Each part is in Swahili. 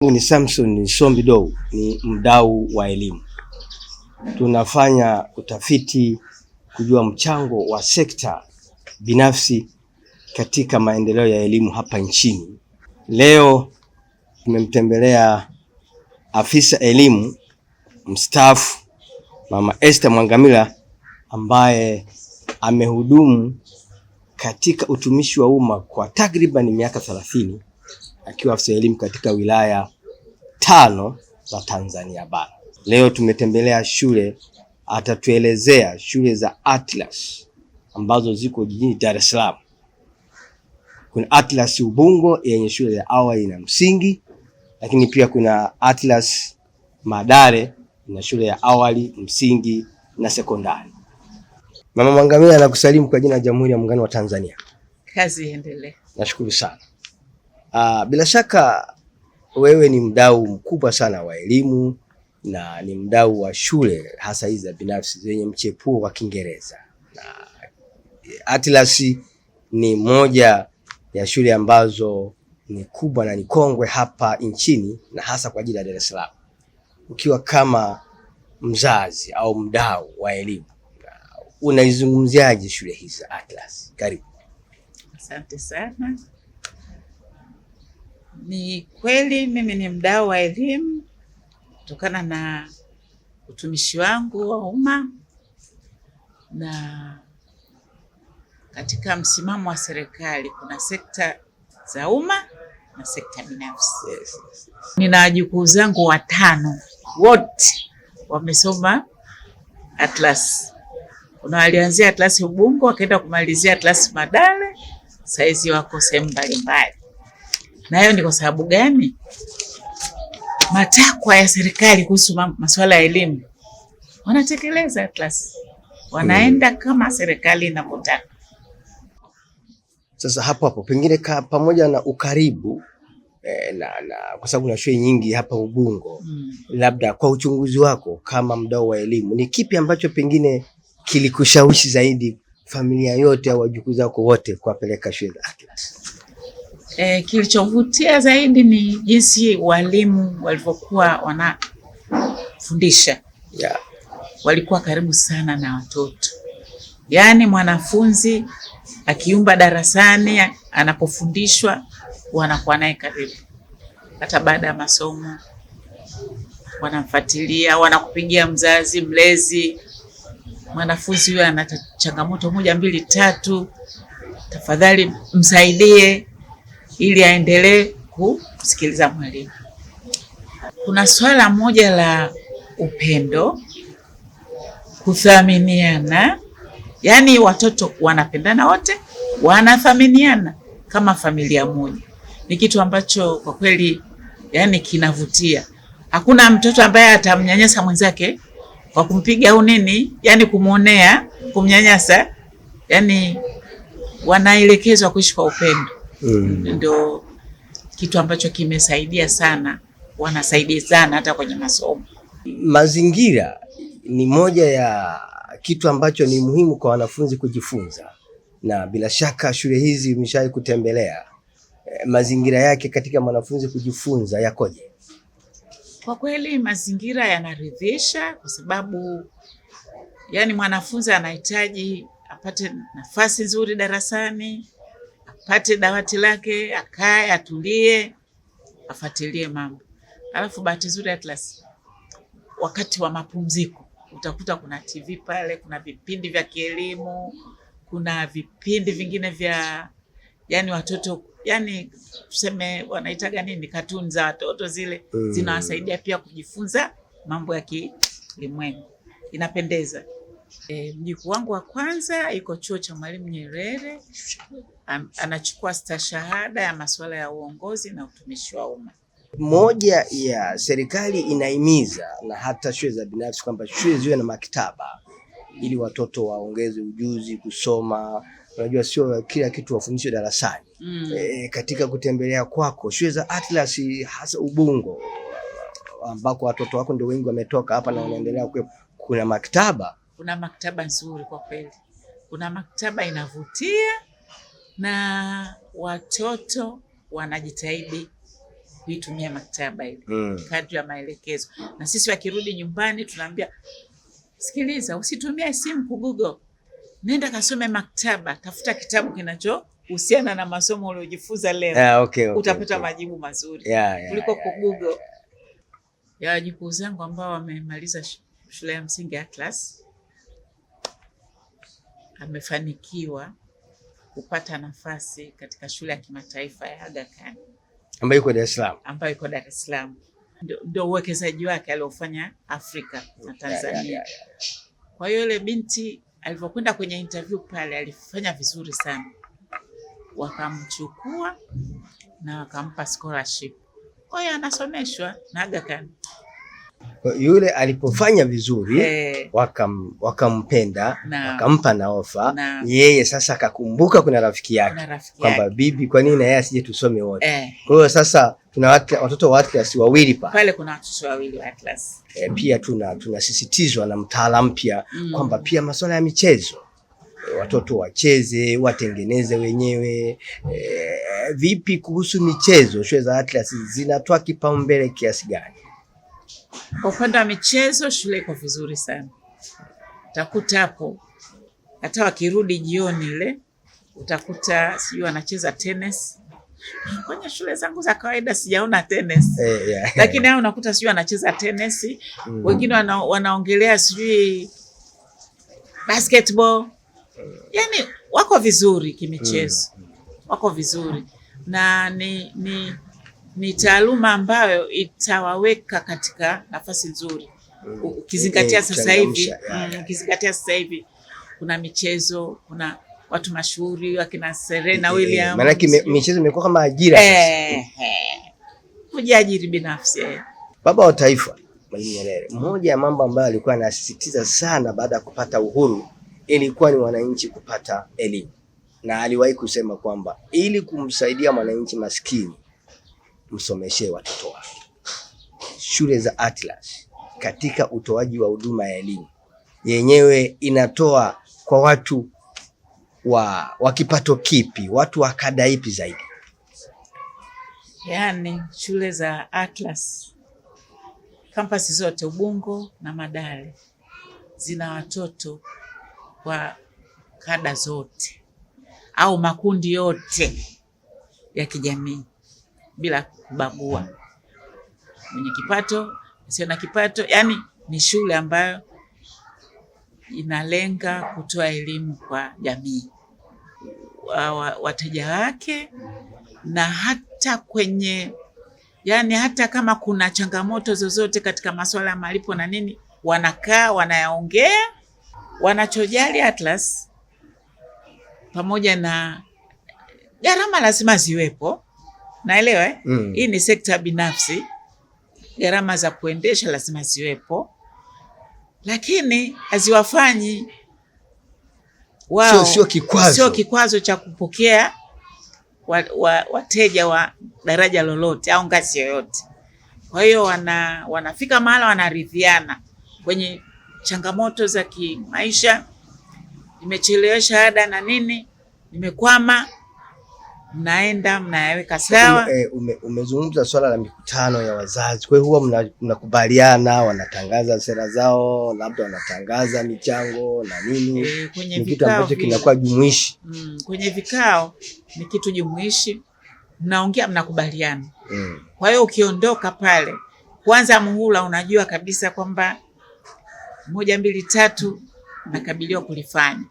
Ni Samson Sombi Dou, ni mdau wa elimu. Tunafanya utafiti kujua mchango wa sekta binafsi katika maendeleo ya elimu hapa nchini. Leo tumemtembelea afisa elimu mstaafu Mama Esther Mwangamila ambaye amehudumu katika utumishi wa umma kwa takriban miaka thelathini akiwa afisa elimu katika wilaya tano za Tanzania bara. Leo tumetembelea shule, atatuelezea shule za Atlas ambazo ziko jijini Dar es Salaam. Kuna Atlas Ubungo yenye shule ya awali na msingi, lakini pia kuna Atlas Madare na shule ya awali, msingi na sekondari. Mama Mwangamia, anakusalimu kwa jina la Jamhuri ya Muungano wa Tanzania. Kazi iendelee. Nashukuru sana. Uh, bila shaka wewe ni mdau mkubwa sana wa elimu na ni mdau wa shule hasa hizi za binafsi zenye mchepuo wa Kiingereza na Atlas ni moja ya shule ambazo ni kubwa na ni kongwe hapa nchini na hasa kwa ajili ya Dar es Salaam. Ukiwa kama mzazi au mdau wa elimu unaizungumziaje shule hizi za Atlas? Karibu. Asante sana. Ni kweli mimi ni mdau wa elimu kutokana na utumishi wangu wa umma na katika msimamo wa serikali kuna sekta za umma na sekta binafsi. Nina wajukuu zangu watano, wote wamesoma Atlas. Kuna walianzia Atlas Ubungo wakaenda kumalizia Atlas Madale, saizi wako sehemu mbalimbali na hiyo ni kwa sababu gani? Matakwa ya serikali kuhusu masuala ya elimu wanatekeleza Atlas, wanaenda mm. kama serikali inavyotaka. Sasa hapo hapo pengine ka, pamoja na ukaribu eh, na, na kwa sababu na shule nyingi hapa Ubungo hmm, Labda kwa uchunguzi wako kama mdau wa elimu, ni kipi ambacho pengine kilikushawishi zaidi familia yote au wajukuu zako wote kuwapeleka shule za Atlas? eh, kilichovutia zaidi ni jinsi walimu walivyokuwa wanafundisha yeah. Walikuwa karibu sana na watoto, yaani mwanafunzi akiumba darasani anapofundishwa wanakuwa naye karibu, hata baada ya masomo wanamfuatilia, wanakupigia mzazi, mlezi, mwanafunzi huyo ana changamoto moja mbili tatu, tafadhali msaidie ili aendelee kusikiliza mwalimu. Kuna swala moja la upendo, kuthaminiana, yaani watoto wanapendana wote, wanathaminiana kama familia moja, ni kitu ambacho kwa kweli yani kinavutia. Hakuna mtoto ambaye atamnyanyasa mwenzake kwa kumpiga au nini, yani kumwonea, kumnyanyasa, yani wanaelekezwa kuishi kwa upendo mm. Ndio kitu ambacho kimesaidia sana, wanasaidizana hata kwenye masomo. Mazingira ni moja ya kitu ambacho ni muhimu kwa wanafunzi kujifunza, na bila shaka shule hizi umeshawahi kutembelea eh, mazingira yake katika mwanafunzi kujifunza yakoje? Kwa kweli mazingira yanaridhisha, kwa sababu yani mwanafunzi anahitaji apate nafasi nzuri darasani, apate dawati lake, akae, atulie, afuatilie mambo. Alafu bahati nzuri Atlas, wakati wa mapumziko utakuta kuna TV pale, kuna vipindi vya kielimu, kuna vipindi vingine vya yani watoto yani tuseme wanaitaga nini, katuni za watoto zile, mm. zinawasaidia pia kujifunza mambo ya kilimwengu, inapendeza. E, mjukuu wangu wa kwanza iko chuo cha Mwalimu Nyerere Am, anachukua stashahada ya masuala ya uongozi na utumishi wa umma. Moja ya serikali inahimiza na hata shule za binafsi kwamba shule ziwe na maktaba ili watoto waongeze ujuzi kusoma. Unajua sio kila kitu wafundishwe darasani. Mm. E, katika kutembelea kwako shule za Atlas hasa Ubungo ambako watoto wako ndio wengi wametoka hapa na wanaendelea kuna maktaba kuna maktaba nzuri kwa kweli, kuna maktaba inavutia na watoto wanajitahidi kuitumia maktaba ile mm. kadri ya maelekezo. Na sisi wakirudi nyumbani tunaambia, sikiliza, usitumie simu ku Google, nenda kasome maktaba, tafuta kitabu kinachohusiana na masomo uliojifunza leo. yeah, okay, okay, utapata okay. majibu mazuri yeah, yeah, kuliko ku Google yeah, yeah. ya wajukuu zangu ambao wamemaliza shule ya msingi Atlas amefanikiwa kupata nafasi katika shule ya kimataifa ya Aga Khan ambayo iko Dar es Salaam, ambayo iko Dar es Salaam. Ndio uwekezaji wake aliofanya Afrika na Tanzania. Kwa hiyo ile binti alivyokwenda kwenye interview pale alifanya vizuri sana, wakamchukua na wakampa scholarship. Kwa hiyo anasomeshwa na Aga Khan yule alipofanya vizuri wakam, wakampenda na, wakampa na ofa na, yeye sasa akakumbuka kuna rafiki yake kwamba bibi, kwa nini na yeye asije tusome wote hey. Eh. Kwa hiyo sasa tuna watoto wa Atlas wawili pale, kuna watoto wawili wa Atlas e, pia tuna tunasisitizwa na mtaalamu pia mm, kwamba pia masuala ya michezo eh, watoto wacheze watengeneze wenyewe. E, vipi kuhusu michezo, shule za Atlas zinatoa kipaumbele kiasi gani? Kwa upande wa michezo, shule iko vizuri sana, utakuta hapo hata wakirudi jioni ile utakuta sijui wanacheza tennis. Kwenye shule zangu za kawaida sijaona tennis eh, yeah. Lakini hao unakuta sijui wanacheza tennis mm. Wengine wana, wanaongelea sijui basketball yani, wako vizuri kimichezo mm. Wako vizuri na ni, ni ni taaluma ambayo itawaweka katika nafasi nzuri, mm. ukizingatia mm, sasa hivi mm, ukizingatia sasa hivi kuna michezo, kuna watu mashuhuri wakina Serena eh, Williams, maana michezo imekuwa kama ajira, kujiajiri binafsi. Eh. Baba wa taifa Mwalimu Nyerere, mmoja ya mambo ambayo alikuwa anasisitiza sana baada ya kupata uhuru ilikuwa ni wananchi kupata elimu, na aliwahi kusema kwamba ili kumsaidia mwananchi maskini msomeshe watoto wake. Shule za Atlas katika utoaji wa huduma ya elimu yenyewe inatoa kwa watu wa, wa kipato kipi, watu wa kada ipi zaidi? Yaani shule za Atlas kampasi zote Ubungo na Madale zina watoto wa kada zote au makundi yote ya kijamii bila kubagua mwenye kipato, sio na kipato. Yani ni shule ambayo inalenga kutoa elimu kwa jamii, wateja wake, na hata kwenye yani, hata kama kuna changamoto zozote katika masuala ya malipo na nini, wanakaa wanayaongea. Wanachojali Atlas pamoja na gharama lazima ziwepo naelewa eh? mm. Hii ni sekta binafsi, gharama za kuendesha lazima ziwepo, lakini haziwafanyi wao, sio kikwazo, sio kikwazo cha kupokea wateja wa, wateja wa daraja lolote au ngazi yoyote. Kwa hiyo wana, wanafika mahala wanaridhiana kwenye changamoto za kimaisha, nimechelewesha ada na nini, nimekwama mnaenda mnaweka sawa. Ume, eh, ume, umezungumza swala la mikutano ya wazazi. Kwa hiyo huwa mnakubaliana, wanatangaza sera zao, labda wanatangaza michango na nini, eh, ni kitu ambacho kinakuwa jumuishi mm, kwenye vikao ni kitu jumuishi, mnaongea mnakubaliana mm. Kwa hiyo ukiondoka pale, kwanza muhula unajua kabisa kwamba moja mbili tatu nakabiliwa kulifanya,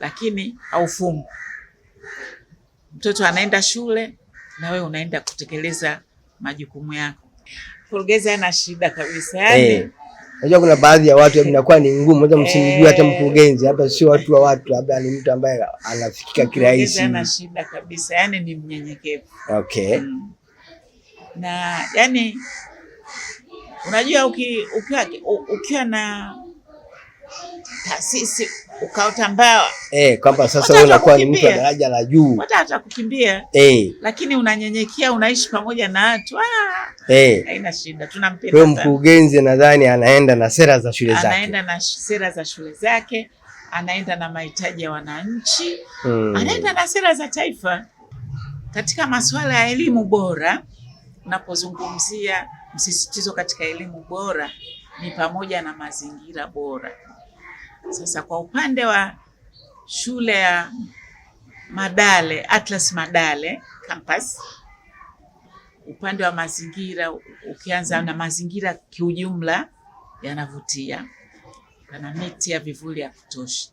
lakini haufungu mtoto anaenda shule na wewe unaenda kutekeleza majukumu yako. Mkurugenzi ana shida kabisa eh, yani hey. Unajua kuna baadhi ya watu inakuwa ni ngumu, hata eh. msimjui hata mkurugenzi, hata sio watu wa watu, labda ni mtu ambaye anafikika kirahisi. Ana shida kabisa, yani ni mnyenyekevu. Okay. Mm. Na yani unajua ukiwa uki, uki, uki, uki na taasisi ukaotambawa eh, kwamba sasa wewe unakuwa ni mtu wa daraja la juu, hata atakukimbia eh, lakini unanyenyekea, unaishi pamoja na watu ah, eh, haina shida, tunampenda sana. Mkurugenzi nadhani anaenda na sera za shule zake, anaenda na sera za shule zake, anaenda na mahitaji ya wananchi hmm, anaenda na sera za taifa katika masuala ya elimu bora. Unapozungumzia msisitizo katika elimu bora ni pamoja na mazingira bora. Sasa kwa upande wa shule ya Madale, Atlas Madale campus, upande wa mazingira, ukianza na mazingira kiujumla yanavutia, pana miti ya vivuli ya kutosha,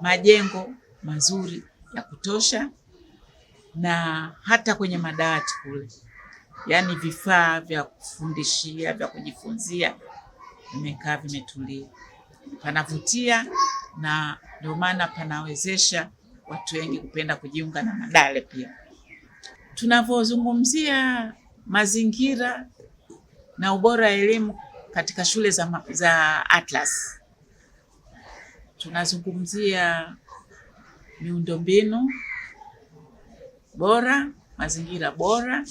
majengo mazuri ya kutosha, na hata kwenye madawati kule, yaani vifaa vya kufundishia, vya kujifunzia vimekaa vimetulia panavutia na ndio maana panawezesha watu wengi kupenda kujiunga na madale. Pia tunavyozungumzia mazingira na ubora wa elimu katika shule za, za Atlas tunazungumzia miundombinu bora, mazingira bora,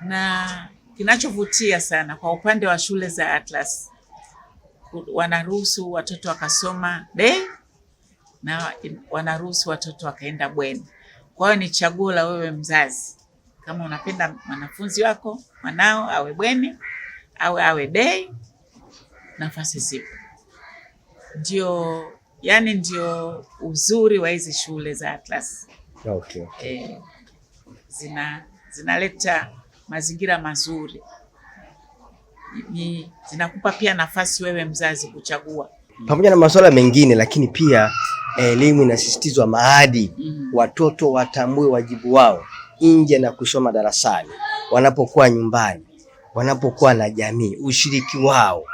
na kinachovutia sana kwa upande wa shule za Atlas wanaruhusu watoto wakasoma de na wanaruhusu watoto wakaenda bweni. Kwa hiyo ni chaguo la wewe mzazi, kama unapenda mwanafunzi wako mwanao awe bweni au awe day, nafasi zipo. Ndio yani, ndio uzuri wa hizi shule za Atlas. Okay. E, zina zinaleta mazingira mazuri ni zinakupa pia nafasi wewe mzazi kuchagua pamoja na masuala mengine, lakini pia eh, elimu inasisitizwa maadili mm. Mm-hmm. Watoto watambue wajibu wao nje na kusoma darasani, wanapokuwa nyumbani, wanapokuwa na jamii, ushiriki wao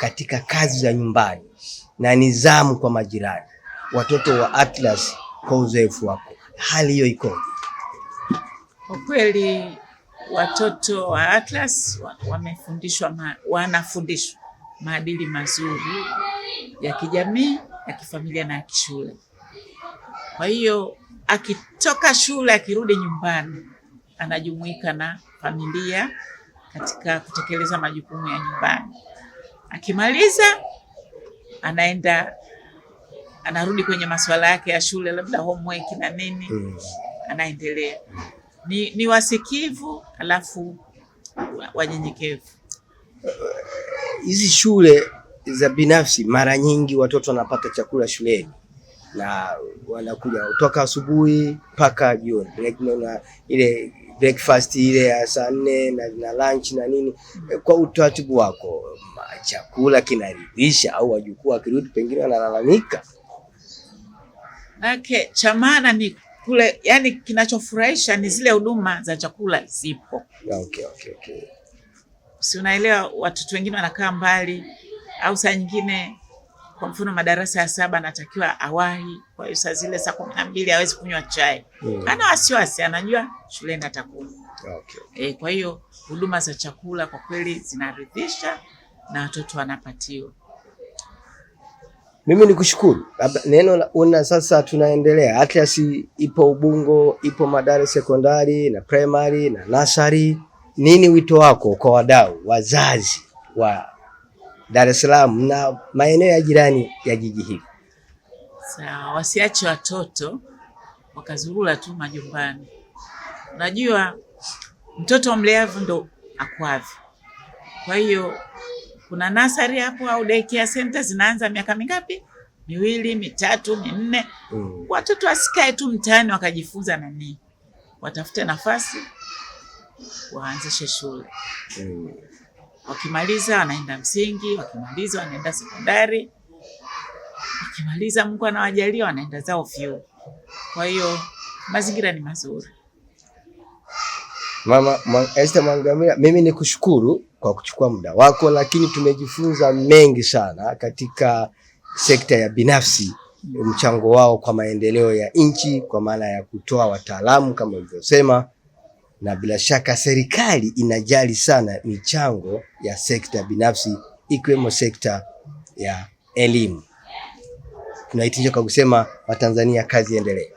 katika kazi za nyumbani na nidhamu kwa majirani. Watoto wa Atlas, kwa uzoefu wako, hali hiyo iko kwa kweli watoto wa Atlas wamefundishwa, wanafundishwa maadili mazuri ya kijamii, ya kifamilia na ya kishule. Kwa hiyo akitoka shule, akirudi nyumbani, anajumuika na familia katika kutekeleza majukumu ya nyumbani. Akimaliza anaenda anarudi kwenye masuala yake ya shule, labda homework na nini, hmm. anaendelea ni, ni wasikivu alafu wanyenyekevu. Hizi shule za binafsi mara nyingi watoto wanapata chakula shuleni na wanakuja toka asubuhi mpaka jioni, na ile breakfast ile ya saa nne na, na lunch na nini. Kwa utaratibu wako chakula kinaridhisha au wajukuu wakirudi pengine wanalalamika? Okay, cha maana ni kule, yani kinachofurahisha ni zile huduma za chakula zipo. Okay, okay, okay. Si unaelewa, watoto wengine wanakaa mbali, au saa nyingine kwa mfano madarasa ya saba anatakiwa awahi, kwa hiyo saa zile saa kumi na mbili hawezi kunywa chai mm. Ana wasiwasi, anajua shuleni Okay, Okay. E, kwa hiyo huduma za chakula kwa kweli zinaridhisha na watoto wanapatiwa. Mimi ni kushukuru neno la una. Sasa tunaendelea, Atlas ipo Ubungo, ipo madare sekondari na primary na nasari. Nini wito wako kwa wadau, wazazi wa Dar es Salaam na maeneo ya jirani ya jiji hili? Sawa, wasiache watoto wakazurula tu majumbani. Unajua mtoto mleavu ndo akwavyo, kwa hiyo kuna nasari hapo au daycare center zinaanza miaka mingapi? Miwili, mitatu, minne. Mm. Watoto wasikae tu mtaani wakajifunza na nini, watafute nafasi waanzishe shule. Mm. Wakimaliza wanaenda msingi, wakimaliza wanaenda sekondari, wakimaliza Mungu anawajalia wanaenda zao vyuo. Kwa hiyo mazingira ni mazuri. Mama Esther Mwangamia, mimi ni kushukuru kwa kuchukua muda wako, lakini tumejifunza mengi sana katika sekta ya binafsi, mchango wao kwa maendeleo ya nchi, kwa maana ya kutoa wataalamu kama ulivyosema, na bila shaka serikali inajali sana michango ya sekta binafsi, ikiwemo sekta ya elimu. Tunahitimisha kwa kusema Watanzania, kazi endelee.